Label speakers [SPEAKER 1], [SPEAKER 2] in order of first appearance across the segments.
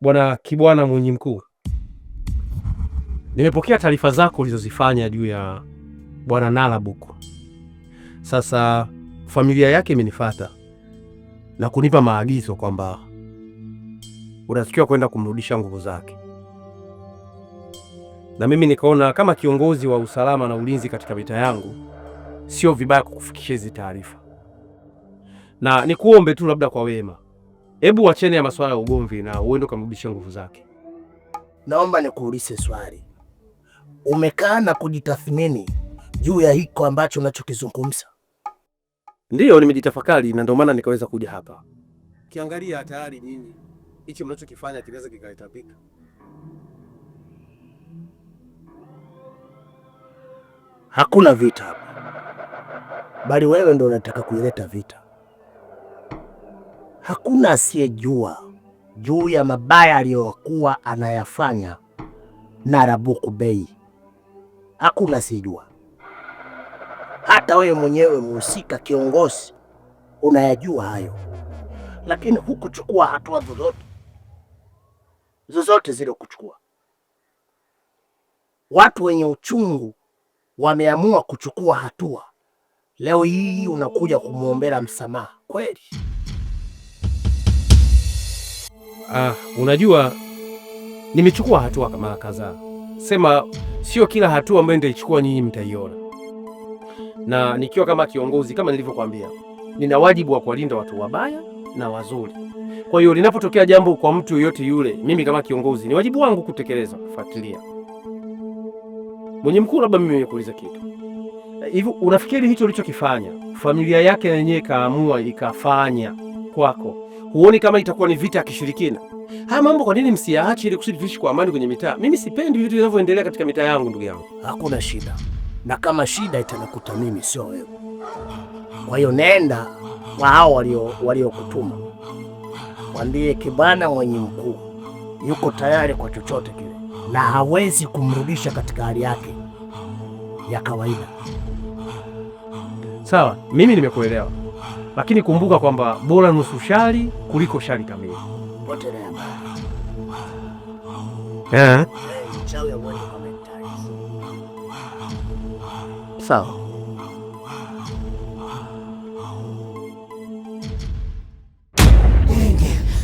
[SPEAKER 1] Bwana Kibwana Mwinyi Mkuu, nimepokea taarifa zako ulizozifanya juu ya bwana Narabuku. Sasa familia yake imenifata na kunipa maagizo kwamba unatakiwa kwenda kumrudisha nguvu zake, na mimi nikaona kama kiongozi wa usalama na ulinzi katika vita yangu sio vibaya kukufikisha hizi taarifa, na nikuombe tu labda kwa wema Hebu wacheni ya masuala ya ugomvi na uende ukamrudishia nguvu zake.
[SPEAKER 2] Naomba nikuulize swali, umekaa na kujitathmini juu ya hiko ambacho unachokizungumza?
[SPEAKER 1] Ndiyo, nimejitafakari na ndio maana nikaweza kuja hapa. Kiangalia tayari nyinyi hichi mnachokifanya kinaweza kikaletapika.
[SPEAKER 2] Hakuna vita hapa, bali wewe ndo unataka kuileta vita. Hakuna asiyejua juu ya mabaya aliyokuwa anayafanya Narabuku Bey. Hakuna asiyejua, hata wewe mwenyewe mhusika, kiongozi, unayajua hayo, lakini hukuchukua hatua zozote zozote zile kuchukua. Watu wenye uchungu wameamua kuchukua hatua. Leo hii unakuja kumwombela msamaha kweli?
[SPEAKER 1] Ah, unajua nimechukua hatua kama kadhaa, sema sio kila hatua ambayo nitaichukua nyinyi mtaiona, na nikiwa kama kiongozi, kama nilivyokuambia, nina wajibu wa kuwalinda watu wabaya na wazuri. Kwa hiyo linapotokea jambo kwa mtu yoyote yule, mimi kama kiongozi, ni wajibu wangu kutekeleza, kufuatilia. Mwenye mkuu, labda mimi nimekuuliza kitu hivi, unafikiri hicho ulichokifanya familia yake yenyewe ikaamua ikafanya kwako huoni kama itakuwa ni vita ya kishirikina? Haya mambo kwa nini msiyaache ili kusudi tuishi kwa amani kwenye mitaa? Mimi sipendi vitu vinavyoendelea katika mitaa yangu, ndugu yangu.
[SPEAKER 2] Hakuna shida, na kama shida itanikuta mimi, sio wewe. Kwa hiyo nenda kwa hao waliokutuma, mwambie Kibwana mwenye mkuu yuko tayari kwa chochote kile na hawezi kumrudisha katika hali yake ya kawaida.
[SPEAKER 1] Sawa, mimi nimekuelewa lakini kumbuka kwamba bora nusu shari kuliko shari kamili. Eh? Sawa.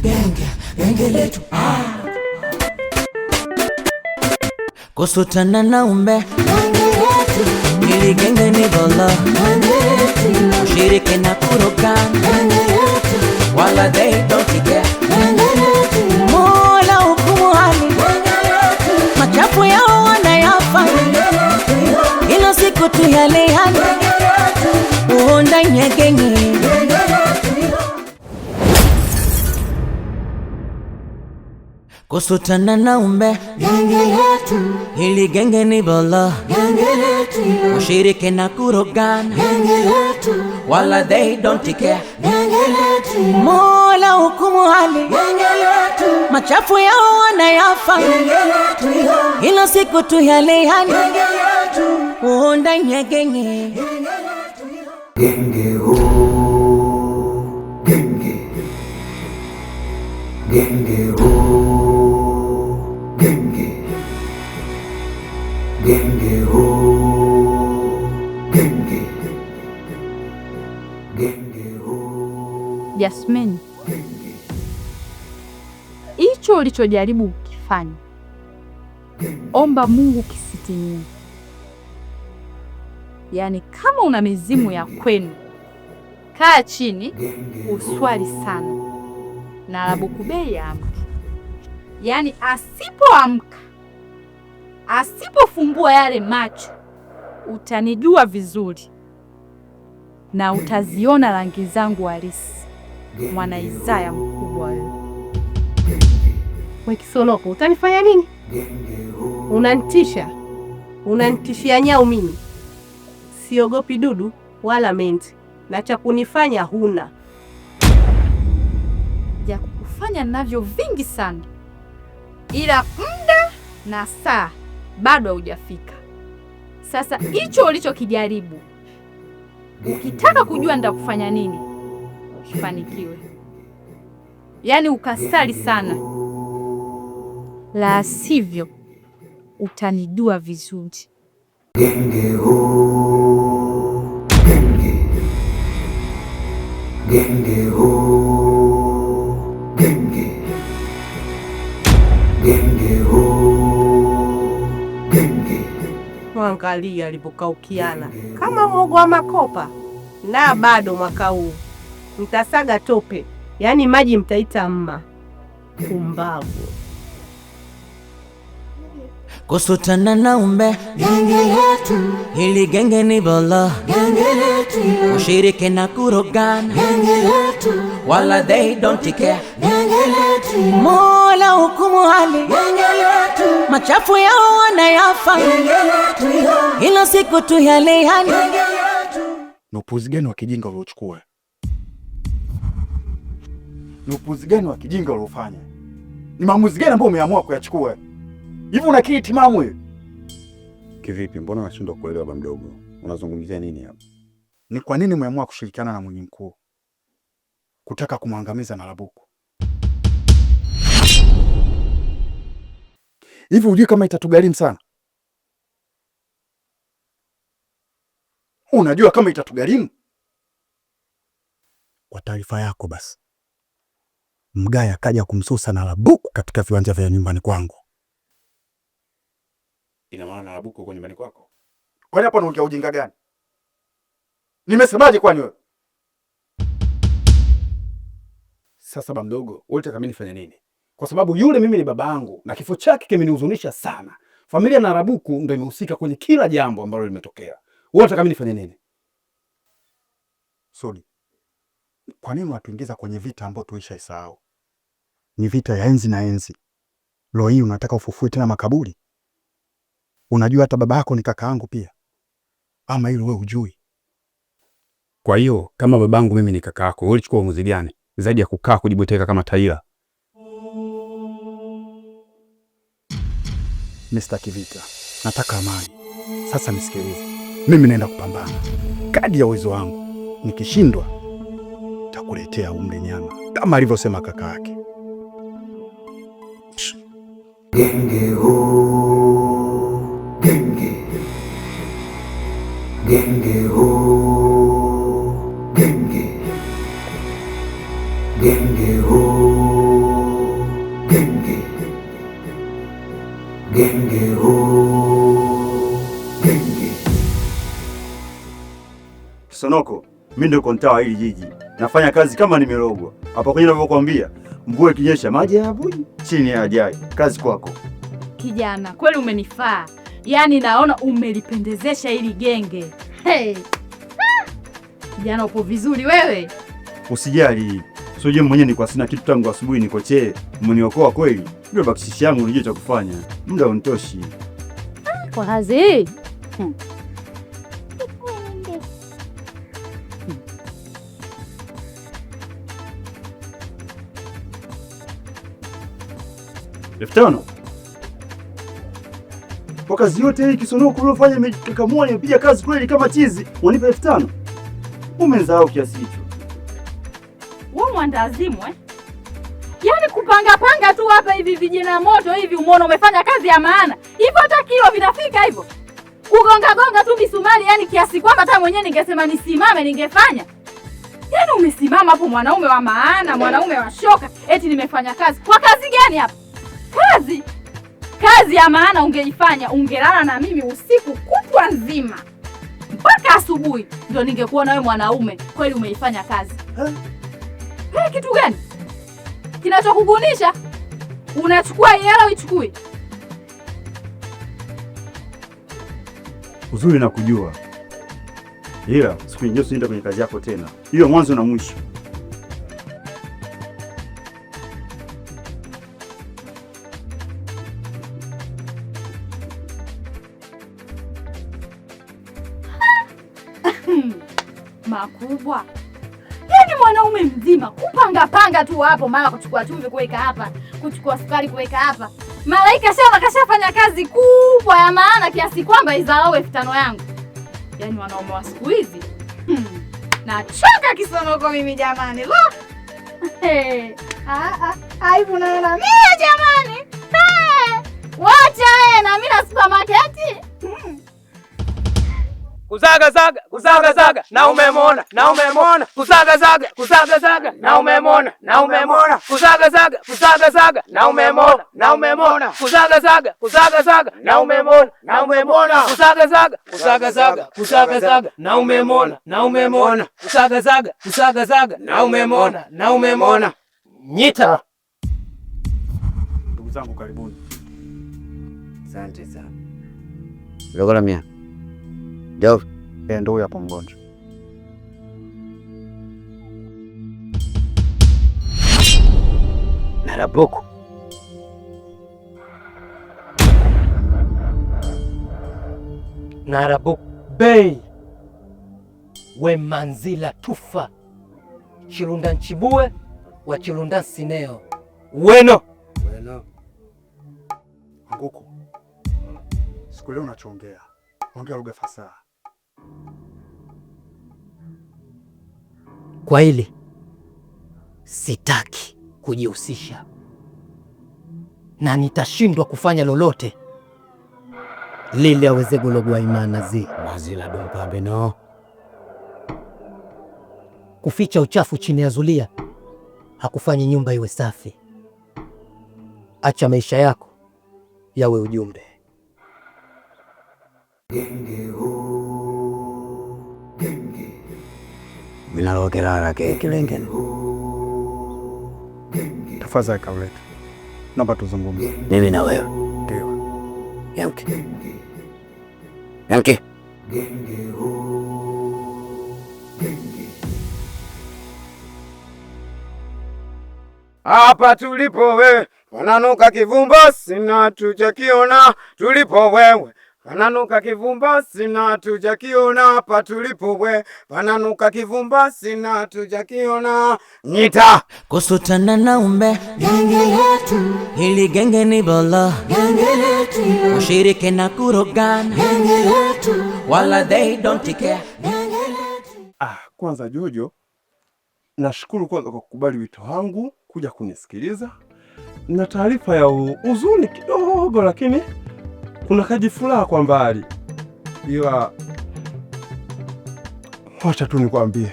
[SPEAKER 3] Genge, Kusutana na umbe. ili Genge ni bala. Genge Ushirike na kurokan, wala they Mola hukumu hali, machafu yao ilo siku tu kusutana na umbe genge letu, hili genge ni bolo genge letu, ushirike na kurogana genge letu, wala they don't care genge letu, Mola hukumu hali genge letu, machafu yao wanayafa genge letu, hilo siku tu yale genge letu, uonda nyegenge genge, genge,
[SPEAKER 4] genge, genge,
[SPEAKER 5] Asmeni, hicho ulichojaribu ukifanya omba Mungu kisitimie. Yaani, kama una mizimu ya kwenu, kaa chini uswali sana na Labukubei yaamke. Yaani asipoamka, asipofumbua yale macho, utanijua vizuri na utaziona rangi zangu halisi. Mwana Isaya mkubwa wewe. We kisoloko, utanifanya nini? Unanitisha, unanitishia nyau. Mimi siogopi dudu wala menti, na cha kunifanya huna. Vya kukufanya navyo vingi sana, ila muda na saa bado haujafika. Sasa hicho ulichokijaribu, ukitaka kujua nitakufanya nini kifanikiwe yaani ukasali sana, la sivyo utanidua vizuri.
[SPEAKER 4] Genge ho, genge. Genge ho, genge. Genge ho, genge.
[SPEAKER 5] Mwangalia alipokaukiana kama mwogo wa makopa na bado mwaka huu mtasaga tope, yaani maji mtaita mma. Kumbavu
[SPEAKER 3] kusutana na umbe, genge letu hili, genge ni bolo, genge letu ushirike na kurogana, genge letu wala they don't care, genge letu
[SPEAKER 5] mola hukumu hali, genge letu machafu yao wanayafa, genge letu ila siku tu yale yale.
[SPEAKER 1] Na upuzi gani wa kijinga uliochukua ni upuzi gani wa kijinga uliofanya? Ni maamuzi gani ambayo umeamua kuyachukua? Hivi unakiri timamu hiyo?
[SPEAKER 6] Kivipi? Mbona unashindwa kuelewa baba mdogo? Unazungumzia nini hapa?
[SPEAKER 1] Ni kwa nini umeamua kushirikiana na mwenye mkuu kutaka kumwangamiza Narabuku? Hivi ujui kama itatugharimu sana? Unajua kama itatugharimu? Kwa taarifa yako basi Mgaya akaja kumsusa na Rabuku katika viwanja vya nyumbani kwangu. Ina maana na Rabuku uko nyumbani kwako? Kwani hapo unaongea ujinga gani? Nimesemaje kwani wewe? Sasa ba mdogo, ulitaka mimi nifanye nini? Kwa sababu yule mimi ni baba yangu na kifo chake kimenihuzunisha sana. Familia na Rabuku ndio imehusika kwenye kila jambo ambalo limetokea. Wewe unataka mimi nifanye nini? Sodi. Kwa nini watuingiza kwenye vita ambao tuishaisahau? ni vita ya enzi na enzi. Leo hii unataka ufufue tena makaburi? Unajua hata baba yako ni kaka yangu pia, ama hilo wewe hujui? Kwa hiyo kama babangu mimi ni kaka yako, wewe ulichukua uamuzi gani zaidi ya kukaa kujibweteka kama taila? Mr. Kivita, nataka amani. Sasa nisikilize, mimi naenda kupambana kadi ya uwezo wangu, nikishindwa takuletea umbe nyama kama alivyosema kaka yake. Genge o genge, genge o genge, genge o genge, genge o genge. Sonoko, mimi ndio kontaa hili jiji, nafanya kazi kama nimerogwa hapa kwenye ninavyokuambia mvua ikinyesha maji hayavuji chini ya Kazi kwako
[SPEAKER 5] kijana, kweli umenifaa. Yaani naona umelipendezesha hili genge. Hey. Ah. Kijana upo vizuri wewe,
[SPEAKER 1] usijali sijui mwenyewe nilikuwa sina kitu tangu asubuhi, niko chee, umeniokoa kweli. Ndio bakishishi yangu, unijua cha kufanya, muda unitoshi
[SPEAKER 5] ah, kwa hazi. Hmm.
[SPEAKER 1] elfu tano kwa kazi yote hii kisonoku uliofanya imekakamua, nimepiga kazi kweli kama chizi, wanipe elfu tano Umenzao kiasi hicho
[SPEAKER 5] wewe, mwandazimwe eh? Yaani kupanga panga tu hapa hivi vijina moto hivi, umeona umefanya kazi ya maana hivyo, hata kilo vinafika hivyo, kugonga gonga tu misumari, yani kiasi kwamba hata mwenyewe ningesema nisimame ningefanya. Yaani umesimama hapo, mwanaume wa maana, mwanaume wa shoka, eti nimefanya kazi. Kwa kazi gani hapa? kazi kazi ya maana ungeifanya, ungelala na mimi usiku kutwa nzima mpaka asubuhi, ndio ningekuona wewe mwanaume kweli umeifanya kazi eh. Kitu gani kinachokugunisha? Unachukua hela uichukui?
[SPEAKER 1] Uzuri na kujua, ila siku nyingine usienda kwenye kazi yako tena, hiyo mwanzo na mwisho.
[SPEAKER 5] kupanga tu hapo, mara kuchukua chumvi kuweka hapa, kuchukua sukari kuweka hapa. Malaika shamba kashafanya kazi kubwa ya maana kiasi kwamba izarau elfu tano yangu. Yaani wanaume wa siku hizi hmm. Nachoka kisonoko mimi jamani, lo Aibu naona mimi jamani Wacha na mimi na supermarket
[SPEAKER 7] kuzaga zaga kuzaga zaga na umemona na umemona kuzaga zaga kuzaga zaga na umemona na umemona kuzaga zaga kuzaga zaga na umemona na umemona kuzaga zaga kuzaga zaga na umemona na umemona kuzaga zaga kuzaga zaga kuzaga zaga na umemona na umemona kuzaga zaga kuzaga zaga na umemona na umemona
[SPEAKER 8] nyita.
[SPEAKER 1] Ndugu zangu karibuni.
[SPEAKER 9] Asante sana.
[SPEAKER 10] Logola mia
[SPEAKER 1] Eh, ndio huyo hapo mgonjwa.
[SPEAKER 8] Narabuku. Narabuku bei we manzila tufa chirunda nchibue wa chilunda sineo weno weno
[SPEAKER 1] nguku siku leo unachoongea ongea lugha fasaha
[SPEAKER 11] Kwa hili sitaki kujihusisha na nitashindwa kufanya lolote lile aweze kulogwa imana zi
[SPEAKER 12] mazila dompambe no
[SPEAKER 11] kuficha uchafu chini ya zulia hakufanyi nyumba iwe safi. Acha maisha yako yawe ujumbe Genge.
[SPEAKER 13] minalokelala kekilengen
[SPEAKER 1] tafadhali Kauleta, naomba tuzungumze
[SPEAKER 13] mimi na wewe. Ndio Yamke, Yamke.
[SPEAKER 14] Hapa tulipo wewe wananuka kivumba, sina tuchakiona tulipo wewe Pananuka kivumba sina tujakiona hapa pananuka kivumba sina tujakiona. Nyita
[SPEAKER 3] kusutana na umbe genge letu, hili genge ni bolo genge letu, ushirike na kurogana genge letu, wala they don't care genge letu.
[SPEAKER 1] Ah, kwanza Jojo, nashukuru kwanza kwa kukubali wito wangu kuja kunisikiliza na taarifa ya uzuni kidogo, lakini una kajifuraha kwa mbali, ila wacha tu nikwambie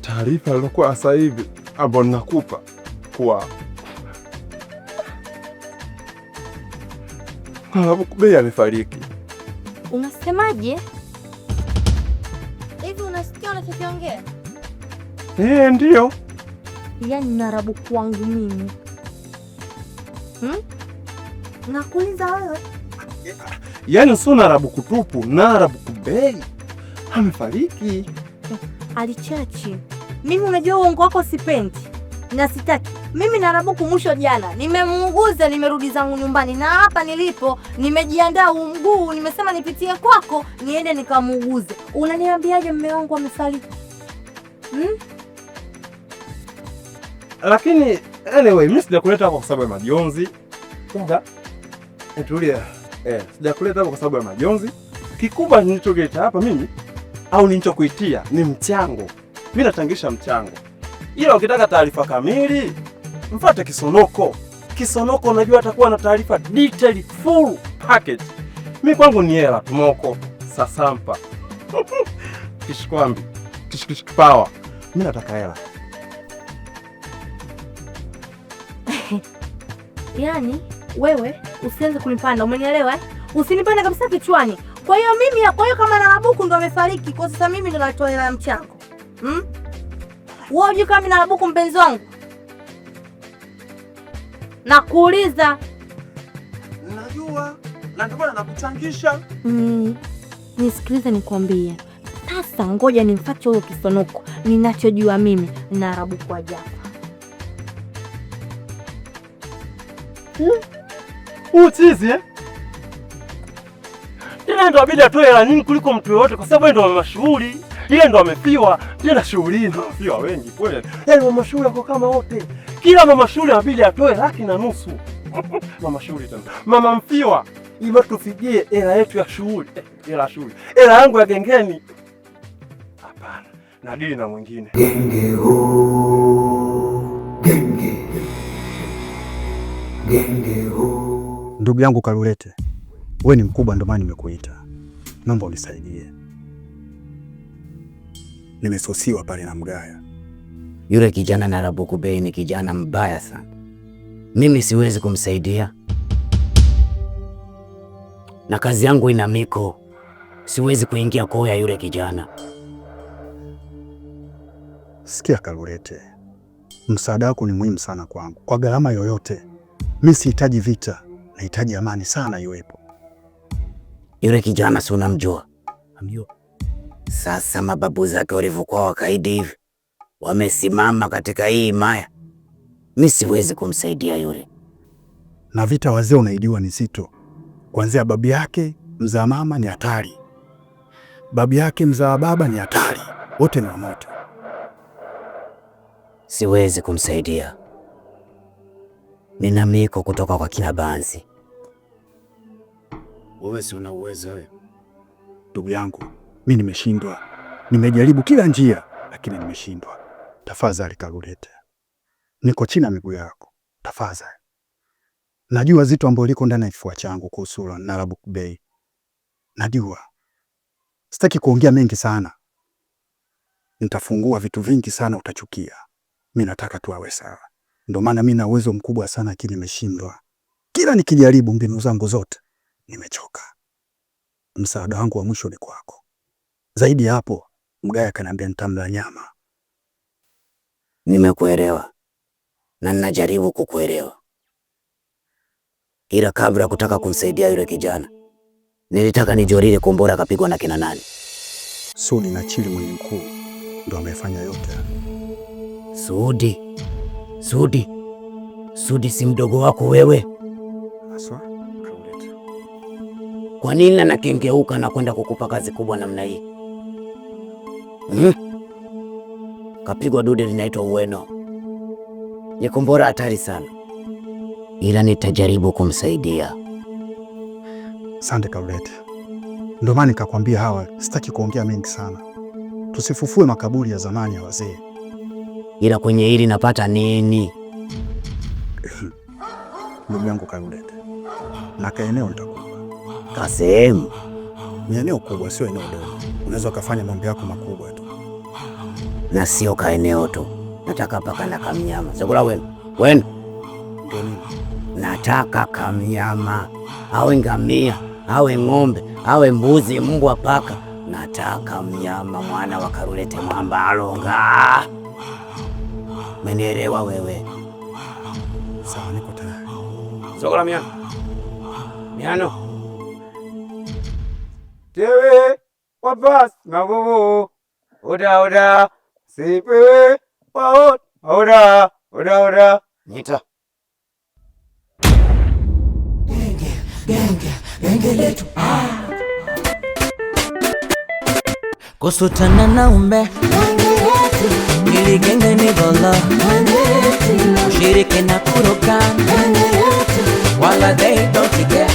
[SPEAKER 1] taarifa lilokuwa sasa hivi ambayo ninakupa kuwa Narabuku Bey amefariki.
[SPEAKER 5] Unasemaje? Hivi unasikia unachokiongea?
[SPEAKER 1] Eh, ndiyo.
[SPEAKER 5] Yaani Narabuku wangu mimi hmm? Nakuuliza wewe.
[SPEAKER 1] Yaani sio Narabuku kutupu, Narabuku kubei. amefariki.
[SPEAKER 5] Alichachi, mimi unajua uongo wako sipendi na sitaki. Mimi Narabuku mwisho jana nimemuuguza, nimerudi zangu nyumbani, na hapa nilipo nimejiandaa umguu nimesema nipitie kwako niende nikamuuguze. Unaniambiaje mme wangu amefariki hmm?
[SPEAKER 1] Lakini anyway, mimi sijakuleta kwa sababu ya majonzi, Kumbe Tulia. Eh, sijakuleta hapa kwa sababu ya majonzi. Kikubwa nilichokileta hapa mimi au nilichokuitia ni mchango. Mimi nachangisha mchango, ila ukitaka taarifa kamili mfuate Kisonoko. Kisonoko unajua atakuwa na taarifa detail full package. Mimi kwangu ni hela tumoko sasampa kishikwambi kishikishikipawa. Mimi nataka hela
[SPEAKER 5] yani wewe usianze kunipanda, umenielewa? Eh? Usinipanda kabisa kichwani. Kwa hiyo mimi, kwa hiyo kama Narabuku ndo amefariki kwa sasa, mimi ndo natoa hela ya mchango hmm? Wewe unajua kama Narabuku mpenzi wangu, nakuuliza.
[SPEAKER 1] Najua na ndio maana nakuchangisha.
[SPEAKER 5] Mm. Nisikilize nikwambie. Sasa ngoja nimfuate huyo kisonoko. Ninachojua mimi Narabuku ajafa.
[SPEAKER 1] Hmm? huu chizi eh? Ile ndo abidi atoe hela nyingi kuliko mtu yoyote, kwa sababu ndo mashuhuri. Ile ndo amefiwa tena, shughuli hii fiwa wengi kweli. Yaani mama shughuli ako kama wote, kila mama shughuli abidi atoe laki na nusu mama shughuli tena, mama mfiwa ima tufikie hela yetu ya shughuli, eh, hela shughuli, hela yangu ya gengeni. Hapana, na dili na mwingine
[SPEAKER 4] genge, o. genge, genge o.
[SPEAKER 1] Ndugu yangu Karulete, we ni mkubwa, ndio maana nimekuita, naomba unisaidie. Nimesosiwa pale na Mgaya.
[SPEAKER 13] Yule kijana Narabuku Bey ni kijana mbaya sana, mimi siwezi kumsaidia, na kazi yangu ina miko, siwezi kuingia koo ya yule kijana.
[SPEAKER 1] Sikia Karulete, msaada wako ni muhimu sana kwangu, kwa gharama yoyote. Mi sihitaji vita nahitaji amani sana iwepo.
[SPEAKER 13] Yule kijana si unamjua? Namjua. Sasa mababu zake walivyokuwa wakaidi hivi, wamesimama katika hii maya mi siwezi kumsaidia yule.
[SPEAKER 1] Na vita wazee unaijua ni zito, kuanzia babu yake mzaa mama ni hatari, babu yake mzaa baba ni hatari, wote ni wamoto.
[SPEAKER 13] Siwezi kumsaidia miko kutoka kwa kila banzi.
[SPEAKER 15] Wewe si una uwezo wewe? Eh.
[SPEAKER 1] Ndugu yangu, mi nimeshindwa, nimejaribu kila njia lakini nimeshindwa. Tafadhali Kagulete, niko chini ya miguu yako, tafadhali. Najua zito ambalo liko ndani ya kifua changu kuhusu na Bey, najua sitaki kuongea mengi sana, nitafungua vitu vingi sana utachukia. Mi nataka tu awe sawa. Ndio maana mimi na uwezo mkubwa sana, lakini nimeshindwa. Kila nikijaribu mbinu zangu zote nimechoka. Msaada wangu wa mwisho ni kwako. Zaidi ya hapo, mgaya akaniambia nitamla nyama.
[SPEAKER 13] Nimekuelewa na ninajaribu kukuelewa, ila kabla ya kutaka kumsaidia yule kijana nilitaka nijolile kombora kapigwa na kina nani?
[SPEAKER 1] Sudi na Chili mwenye mkuu ndo amefanya yote.
[SPEAKER 13] suudi Sudi, Sudi si mdogo wako wewe? Aswa, kwa nini anakengeuka na kwenda kukupa kazi kubwa namna hii hmm? Kapigwa dude linaitwa uweno. Ni kombora hatari sana, ila nitajaribu kumsaidia.
[SPEAKER 1] sante Kaulete, ndio maana nikakwambia hawa, sitaki kuongea mengi sana, tusifufue makaburi ya zamani ya wazee
[SPEAKER 13] ila kwenye hili napata nini?
[SPEAKER 1] Ndugu yangu Kayulete, na kaeneo nitakupa
[SPEAKER 13] kasehemu,
[SPEAKER 1] ni eneo kubwa, sio eneo dogo. Unaweza ukafanya mambo yako makubwa tu,
[SPEAKER 13] na sio kaeneo tu. Nataka paka na kamnyama sekula wenu wenu, Nataka kamnyama, awe ngamia, awe ng'ombe, awe mbuzi, mbwa, paka. Nataka mnyama mwana wa Karulete Mwambalonga. Umenielewa wewe?
[SPEAKER 1] Sawa, niko tayari.
[SPEAKER 13] Sogola la miano miano
[SPEAKER 16] tewe wapas maguvu oda oda sipewe paot. oda oda oda
[SPEAKER 13] nita genge genge genge letu ah. kusutana na umbe Genge ligenge ni bola na kuroka wala they don't care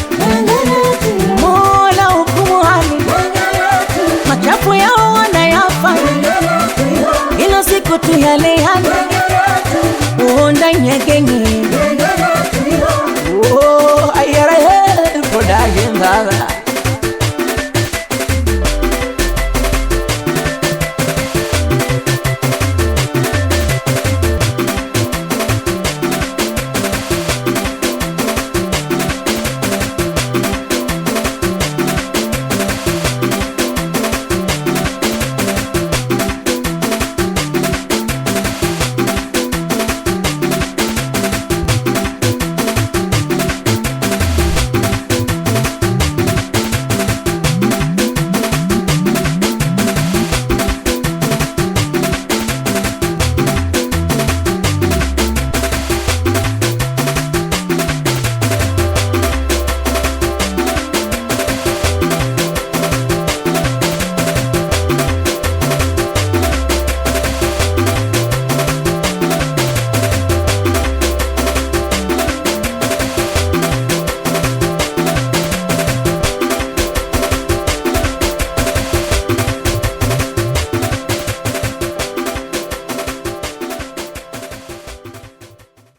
[SPEAKER 13] mola hukumu machafu yao wanayafa ila siku tu yale yale